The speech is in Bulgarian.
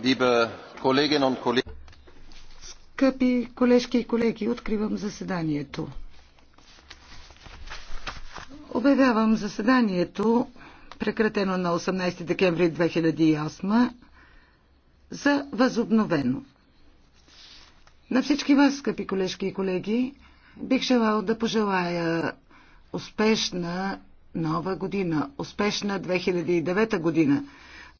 Liebe Kolleginnen und Kollegen. Скъпи колежки и колеги, откривам заседанието. Обявявам заседанието, прекратено на 18 декември 2008, за възобновено. На всички вас, скъпи колежки и колеги, бих желал да пожелая успешна нова година, успешна 2009 година.